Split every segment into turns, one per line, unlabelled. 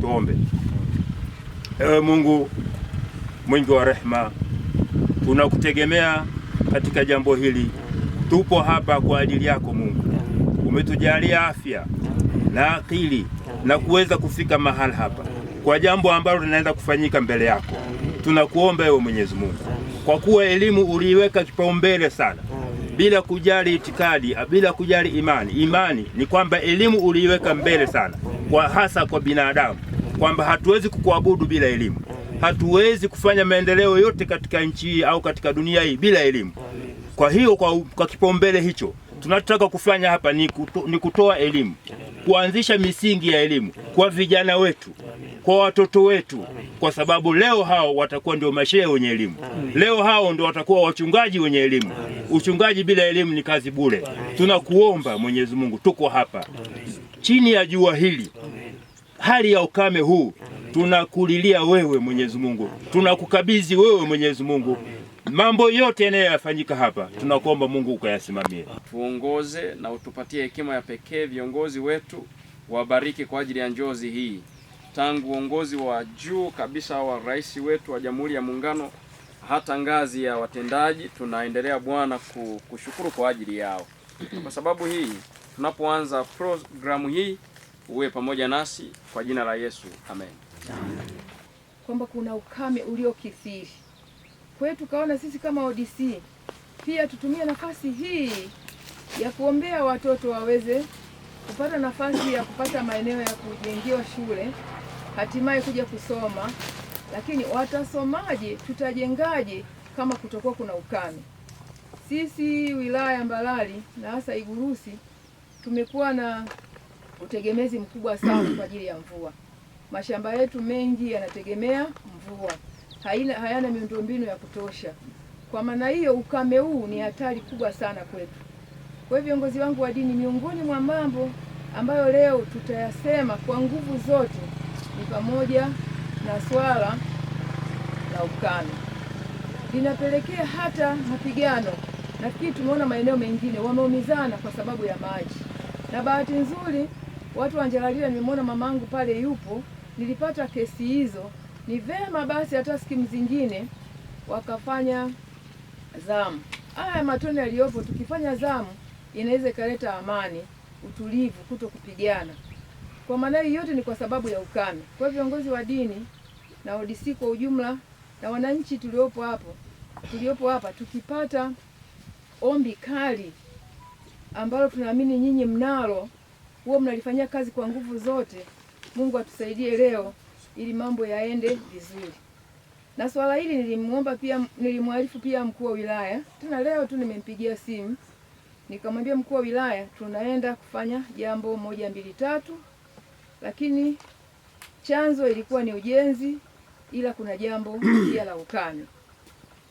tuombe. Ewe Mungu mwingi wa rehema, tunakutegemea katika jambo hili, tupo hapa kwa ajili yako Mungu. Umetujalia afya na akili na kuweza kufika mahali hapa kwa jambo ambalo linaenda kufanyika mbele yako. Tunakuomba ewe Mwenyezi Mungu, kwa kuwa elimu uliiweka kipaumbele sana, bila kujali itikadi, bila kujali imani. Imani ni kwamba elimu uliiweka mbele sana kwa hasa kwa binadamu kwamba hatuwezi kukuabudu bila elimu, hatuwezi kufanya maendeleo yote katika nchi hii au katika dunia hii bila elimu. Kwa hiyo kwa, kwa kipaumbele hicho tunachotaka kufanya hapa ni, kuto, ni kutoa elimu, kuanzisha misingi ya elimu kwa vijana wetu, kwa watoto wetu, kwa sababu leo hao watakuwa ndio mashehe wenye elimu, leo hao ndio watakuwa wachungaji wenye elimu. Uchungaji bila elimu ni kazi bure. Tunakuomba Mwenyezi Mungu, tuko hapa chini ya jua hili Amen. hali ya ukame huu Amen. tunakulilia wewe Mwenyezi Mungu, tunakukabidhi wewe Mwenyezi Mungu Amen. mambo yote yanayofanyika hapa tunakuomba Mungu ukayasimamie,
tuongoze na utupatie hekima ya pekee. Viongozi wetu wabariki kwa ajili ya njozi hii, tangu uongozi wa juu kabisa wa rais wetu wa Jamhuri ya Muungano hata ngazi ya watendaji, tunaendelea Bwana kushukuru kwa ajili yao kwa sababu hii tunapoanza programu hii uwe pamoja nasi kwa jina la Yesu amen.
Kwamba kuna ukame uliokithiri, kwa hiyo tukaona sisi kama ODC pia tutumie nafasi hii ya kuombea watoto waweze kupata nafasi ya kupata maeneo ya kujengewa shule, hatimaye kuja kusoma. Lakini watasomaje? Tutajengaje kama kutokuwa kuna ukame? Sisi wilaya ya Mbalali na hasa Igurusi tumekuwa na utegemezi mkubwa sana kwa ajili ya mvua. Mashamba yetu mengi yanategemea mvua, haina hayana miundombinu ya kutosha. Kwa maana hiyo, ukame huu ni hatari kubwa sana kwetu. Kwa hiyo, viongozi wangu wa dini, miongoni mwa mambo ambayo leo tutayasema kwa nguvu zote ni pamoja na swala la ukame, linapelekea hata mapigano. Nafikiri tumeona maeneo mengine wameumizana kwa sababu ya maji na bahati nzuri watu wa Njalaria nimemwona mamangu pale yupo, nilipata kesi hizo. Ni vema basi hata skimu zingine wakafanya zamu. Haya matone yaliyopo, tukifanya zamu inaweza ikaleta amani, utulivu, kuto kupigana. Kwa maana hiyo yote ni kwa sababu ya ukame. Kwa viongozi wa dini na ODC kwa ujumla na wananchi tuliopo hapo tuliopo hapa tukipata ombi kali ambalo tunaamini nyinyi mnalo, huwa mnalifanyia kazi kwa nguvu zote. Mungu atusaidie leo ili mambo yaende vizuri. Na swala hili nilimuomba pia, nilimwarifu pia mkuu wa wilaya, tena leo tu nimempigia simu nikamwambia mkuu wa wilaya, tunaenda kufanya jambo moja mbili tatu, lakini chanzo ilikuwa ni ujenzi, ila kuna jambo pia la ukame.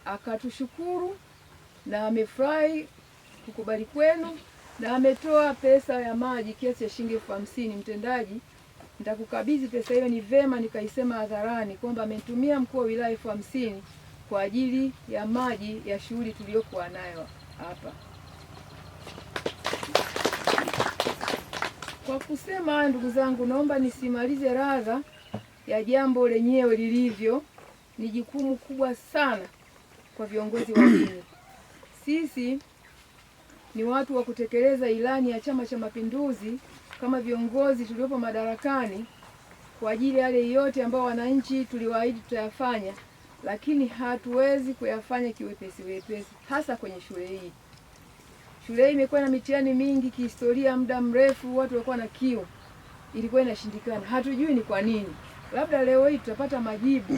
Akatushukuru na amefurahi kukubali kwenu na ametoa pesa ya maji kiasi cha shilingi elfu hamsini. Mtendaji, nitakukabidhi pesa hiyo. Ni vema nikaisema hadharani kwamba ametumia mkuu wa wilaya elfu hamsini kwa ajili ya maji ya shughuli tuliyokuwa nayo hapa. Kwa kusema haya, ndugu zangu, naomba nisimalize radha ya jambo lenyewe lilivyo. Ni jukumu kubwa sana kwa viongozi wa dini sisi ni watu wa kutekeleza ilani ya Chama cha Mapinduzi kama viongozi tuliopo madarakani, kwa ajili yale yote ambayo wananchi tuliwaahidi tutayafanya, lakini hatuwezi kuyafanya kiwepesi wepesi, hasa kwenye shule hii. Shule hii imekuwa na mitihani mingi kihistoria, muda mrefu, watu walikuwa na kiu, ilikuwa inashindikana. Hatujui ni kwa nini, labda leo hii tutapata majibu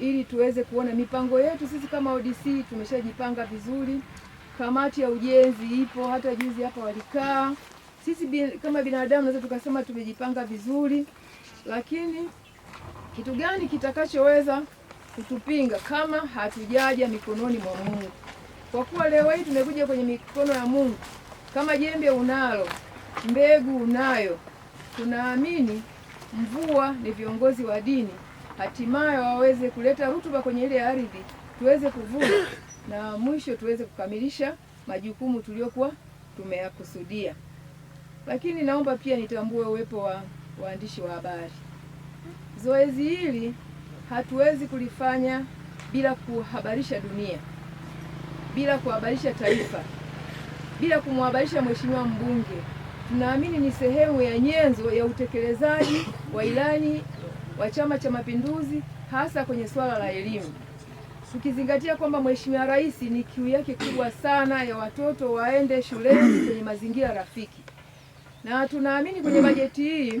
ili tuweze kuona mipango yetu. Sisi kama ODC tumeshajipanga vizuri kamati ya ujenzi ipo, hata juzi hapa walikaa. Sisi bin, kama binadamu naweza tukasema tumejipanga vizuri, lakini kitu gani kitakachoweza kutupinga kama hatujaja mikononi mwa Mungu? Kwa kuwa leo hii tumekuja kwenye mikono ya Mungu, kama jembe unalo, mbegu unayo, tunaamini mvua ni viongozi wa dini, hatimaye waweze kuleta rutuba kwenye ile ardhi tuweze kuvuna na mwisho tuweze kukamilisha majukumu tuliyokuwa tumeyakusudia. Lakini naomba pia nitambue uwepo wa waandishi wa habari. Zoezi hili hatuwezi kulifanya bila kuhabarisha dunia, bila kuhabarisha taifa, bila kumhabarisha mheshimiwa mbunge. Tunaamini ni sehemu ya nyenzo ya utekelezaji wa ilani wa Chama cha Mapinduzi, hasa kwenye swala la elimu tukizingatia kwamba Mheshimiwa Rais ni kiu yake kubwa sana ya watoto waende shuleni kwenye mazingira rafiki, na tunaamini kwenye bajeti hii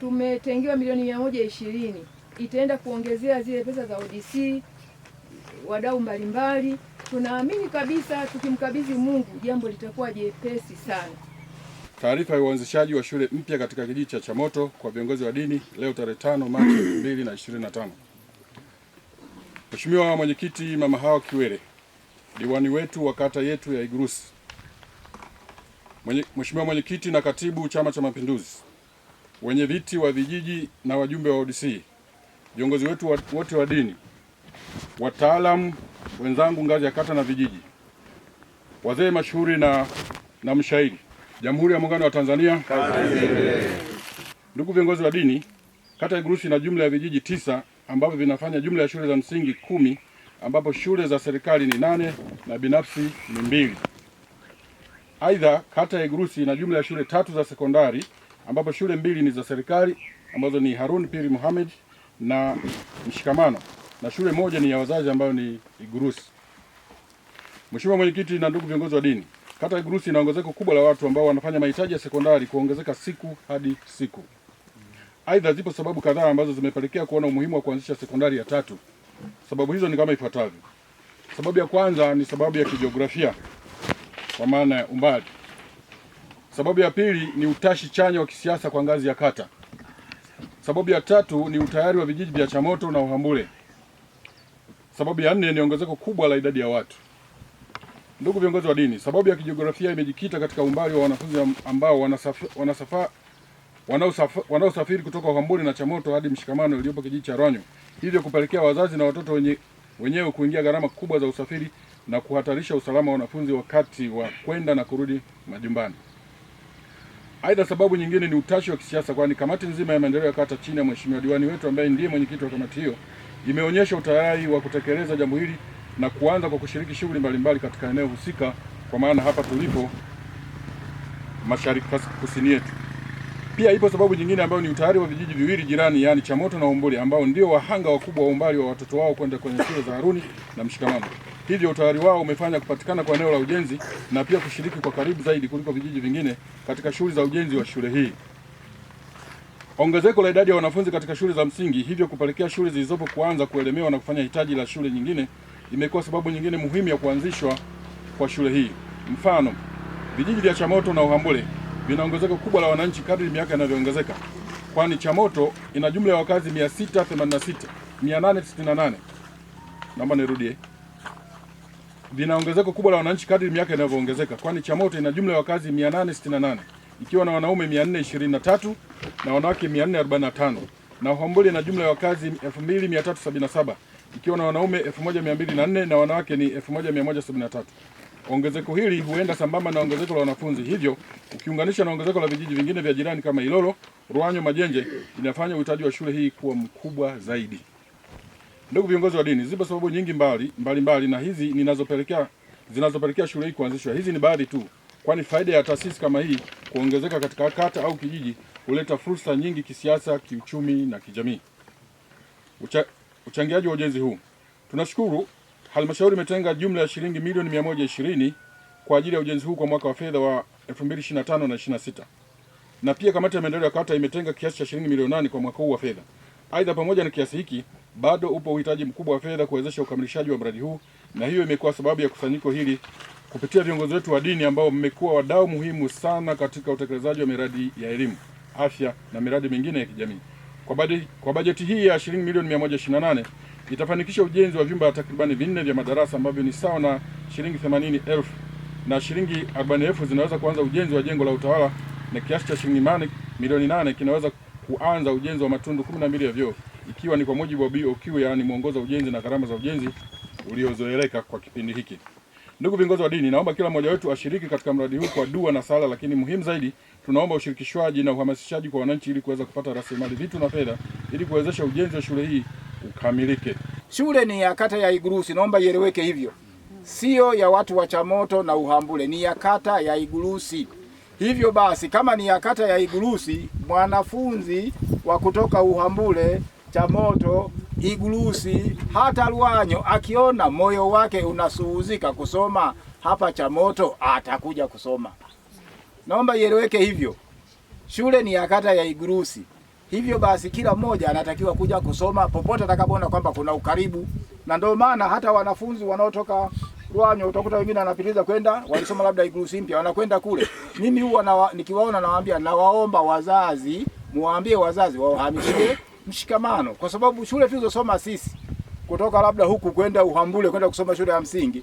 tumetengewa milioni mia moja ishirini itaenda kuongezea zile pesa za ODC, wadau mbalimbali. Tunaamini kabisa tukimkabidhi Mungu jambo litakuwa jepesi sana.
Taarifa ya uanzishaji wa shule mpya katika kijiji cha Chamoto kwa viongozi wa dini leo tarehe 5 Machi 2025. Mheshimiwa Mwenyekiti Mama Hawa Kiwere, diwani wetu wa kata yetu ya Igurusi, Mheshimiwa Mwenyekiti na katibu Chama cha Mapinduzi, wenye viti wa vijiji na wajumbe wa ODC, viongozi wetu wote wa dini, wataalamu wenzangu ngazi ya kata na vijiji, wazee mashuhuri na, na mshairi, Jamhuri ya Muungano wa Tanzania. Ndugu viongozi wa dini, kata ya Igurusi ina jumla ya vijiji tisa ambavyo vinafanya jumla ya shule za msingi kumi ambapo shule za serikali ni nane na binafsi ni mbili. Aidha, kata ya Igurusi ina jumla ya shule tatu za sekondari ambapo shule mbili ni za serikali ambazo ni Harun Piri Mohamed na Mshikamano na shule moja ni ya wazazi ambayo ni Igurusi. Mheshimiwa Mwenyekiti na ndugu viongozi wa dini, kata ya Igurusi ina ongezeko kubwa la watu ambao wanafanya mahitaji ya sekondari kuongezeka siku hadi siku. Aidha, zipo sababu kadhaa ambazo zimepelekea kuona umuhimu wa kuanzisha sekondari ya tatu. Sababu hizo ni kama ifuatavyo. Sababu ya kwanza ni sababu ya kijiografia kwa maana ya umbali. Sababu ya pili ni utashi chanya wa kisiasa kwa ngazi ya kata. Sababu ya tatu ni utayari wa vijiji vya Chamoto na Uhambule. Sababu ya nne ni ongezeko kubwa la idadi ya watu. Ndugu viongozi wa dini, sababu ya kijiografia imejikita katika umbali wa wanafunzi ambao wanasafa, wanasafa wanaosafiri kutoka Uhamboni na Chamoto hadi Mshikamano iliyopo kijiji cha Ronyo, hivyo kupelekea wazazi na watoto wenye, wenyewe kuingia gharama kubwa za usafiri na kuhatarisha usalama wa wanafunzi wakati wa kwenda na kurudi majumbani. Aidha, sababu nyingine ni utashi wa kisiasa, kwani kamati nzima ya maendeleo ya kata chini ya mheshimiwa diwani wetu ambaye ndiye mwenyekiti wa kamati hiyo imeonyesha utayari wa kutekeleza jambo hili na kuanza kwa kushiriki shughuli mbalimbali katika eneo husika, kwa maana hapa tulipo mashariki kusini yetu. Pia ipo sababu nyingine ambayo ni utayari wa vijiji viwili jirani, yaani Chamoto na Ombole, ambao ndio wahanga wakubwa wa umbali wa watoto wao kwenda kwenye shule za Haruni na Mshikamano. Hivyo utayari wao umefanya kupatikana kwa eneo la ujenzi na pia kushiriki kwa karibu zaidi kuliko vijiji vingine katika shughuli za ujenzi wa shule hii. Ongezeko la idadi ya wanafunzi katika shule za msingi, hivyo kupelekea shule zilizopo kuanza kuelemewa na kufanya hitaji la shule nyingine, imekuwa sababu nyingine muhimu ya kuanzishwa kwa shule hii. Mfano, vijiji vya Chamoto na Uhambule vinaongezeko kubwa la wananchi kadri miaka inavyoongezeka, kwani Chamoto ina jumla ya wakazi 686 868. Naomba nirudie, vina ongezeko kubwa la wananchi kadri miaka inavyoongezeka, kwani Chamoto ina jumla ya wakazi 868 ikiwa na wanaume 423 na wanawake 445 na Homboli ina jumla ya wakazi 2377 ikiwa na wanaume 1204 na wanawake ni 1173. Ongezeko hili huenda sambamba na ongezeko la wanafunzi, hivyo ukiunganisha na ongezeko la vijiji vingine vya jirani kama Ilolo, Ruanyo, Majenje, inafanya uhitaji wa shule hii kuwa mkubwa zaidi. Ndugu viongozi wa dini, zipo sababu nyingi mbali mbali, mbali na hizi ninazopelekea zinazopelekea shule hii kuanzishwa. Hizi ni baadhi tu, kwani faida ya taasisi kama hii kuongezeka katika kata au kijiji huleta fursa nyingi kisiasa, kiuchumi na kijamii. Ucha, uchangiaji wa ujenzi huu tunashukuru Halmashauri imetenga jumla ya shilingi milioni 120 kwa ajili ya ujenzi huu kwa mwaka wa fedha wa 2025 na 26 na pia kamati ya maendeleo ya kata imetenga kiasi cha shilingi milioni nane kwa mwaka huu wa fedha. Aidha, pamoja na kiasi hiki bado upo uhitaji mkubwa wa fedha kuwezesha ukamilishaji wa mradi huu, na hiyo imekuwa sababu ya kusanyiko hili kupitia viongozi wetu wa dini ambao mmekuwa wadau muhimu sana katika utekelezaji wa miradi ya elimu, afya na miradi mingine ya kijamii. Kwa bajeti hii ya shilingi milioni 128 itafanikisha ujenzi wa vyumba takribani vinne vya madarasa ambavyo ni sawa na shilingi themanini na shilingi 40,000 zinaweza kuanza ujenzi wa jengo la utawala na kiasi cha shilingi milioni nane kinaweza kuanza ujenzi wa matundu 12 ya vyoo ikiwa ni kwa mujibu wa BOQ, yaani mwongozo wa ujenzi na gharama za ujenzi uliozoeleka kwa kipindi hiki. Ndugu viongozi wa dini, naomba kila mmoja wetu ashiriki katika mradi huu kwa dua na sala, lakini muhimu zaidi tunaomba ushirikishwaji na uhamasishaji kwa wananchi ili kuweza kupata rasilimali vitu na fedha ili kuwezesha ujenzi wa shule hii ukamilike.
Shule ni ya kata ya Igurusi, naomba ieleweke hivyo, siyo ya watu wa Chamoto na Uhambule, ni ya kata ya Igurusi. Hivyo basi kama ni ya kata ya Igurusi, mwanafunzi wa kutoka Uhambule, Chamoto, Igurusi hata Ruanyo akiona moyo wake unasuhuzika kusoma hapa Chamoto atakuja kusoma. Naomba ieleweke hivyo, shule ni ya kata ya Igurusi. Hivyo basi kila mmoja anatakiwa kuja kusoma popote atakapoona kwamba kuna ukaribu, na ndio maana hata wanafunzi wanaotoka Ruanyo utakuta wengine wanapitiliza kwenda walisoma labda Iglesi mpya wanakwenda kule. Mimi huwa nikiwaona nawaambia, nawaomba wazazi muwaambie wazazi wahamishie mshikamano, kwa sababu shule tulizosoma sisi kutoka labda huku kwenda Uhambule kwenda kusoma shule ya msingi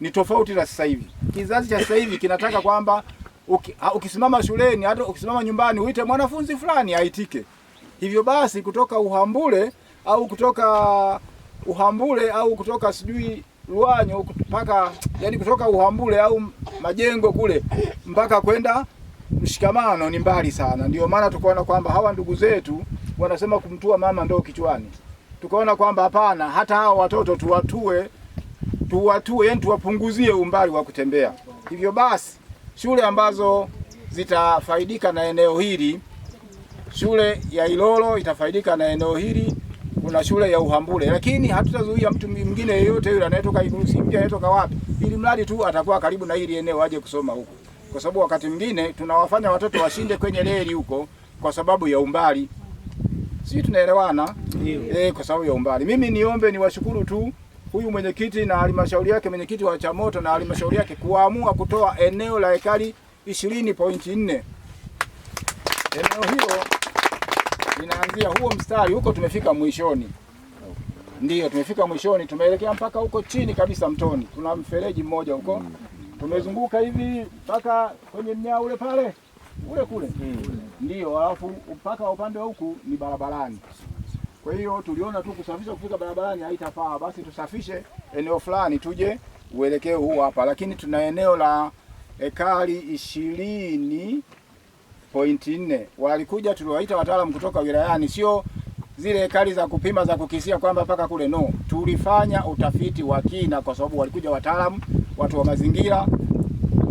ni tofauti na sasa hivi. Kizazi cha sasa hivi kinataka kwamba ukisimama shuleni, hata ukisimama nyumbani, uite mwanafunzi fulani aitike. Hivyo basi kutoka Uhambule au kutoka Uhambule au kutoka sijui Ruanyo mpaka yani, kutoka Uhambule au Majengo kule mpaka kwenda Mshikamano ni mbali sana. Ndio maana tukaona kwamba hawa ndugu zetu wanasema kumtua mama ndo kichwani, tukaona kwamba hapana, hata hawa watoto tuwatue, tuwatue yani tuwapunguzie umbali wa kutembea. Hivyo basi shule ambazo zitafaidika na eneo hili shule ya Ilolo itafaidika na eneo hili, kuna shule ya Uhambule, lakini hatutazuia mtu mwingine yeyote yule anayetoka Igunzi mpya anayetoka wapi, ili mradi tu atakuwa karibu na hili eneo aje kusoma huko, kwa sababu wakati mwingine tunawafanya watoto washinde kwenye reli huko kwa sababu ya umbali. Sisi tunaelewana eh, kwa sababu ya umbali. Mimi niombe niwashukuru tu huyu mwenyekiti na halmashauri yake, mwenyekiti wa Chamoto na halmashauri yake kuamua kutoa eneo la ekari 20.4 eneo hilo inaanzia huo mstari huko, tumefika mwishoni, ndiyo tumefika mwishoni, tumeelekea mpaka huko chini kabisa mtoni. Tuna mfereji mmoja huko, tumezunguka hivi mpaka kwenye mnyaa ule pale ule kule, ndiyo. Alafu mpaka upande wa huku ni barabarani. Kwa hiyo tuliona tu kusafisha kufika barabarani haitafaa, basi tusafishe eneo fulani, tuje uelekeo huu hapa, lakini tuna eneo la ekari ishirini pointi nne. Walikuja tuliwaita wataalamu kutoka wilayani, sio zile hekari za kupima za kukisia kwamba mpaka kule no. Tulifanya utafiti wa kina, kwa sababu walikuja wataalamu, watu wa mazingira,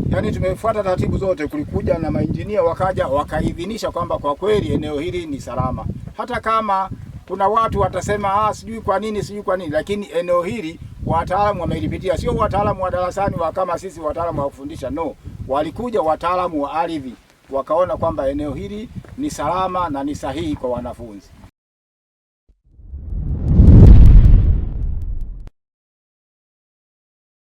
yaani tumefuata taratibu zote. Kulikuja na mainjinia, wakaja wakaidhinisha kwamba kwa kweli eneo hili ni salama, hata kama kuna watu watasema ah, sijui kwa nini, sijui kwa nini, lakini eneo hili wataalamu wamelipitia, sio wataalamu wa darasani wa kama sisi wataalamu wa kufundisha no, walikuja wataalamu wa ardhi wakaona kwamba eneo hili ni salama na ni sahihi kwa wanafunzi.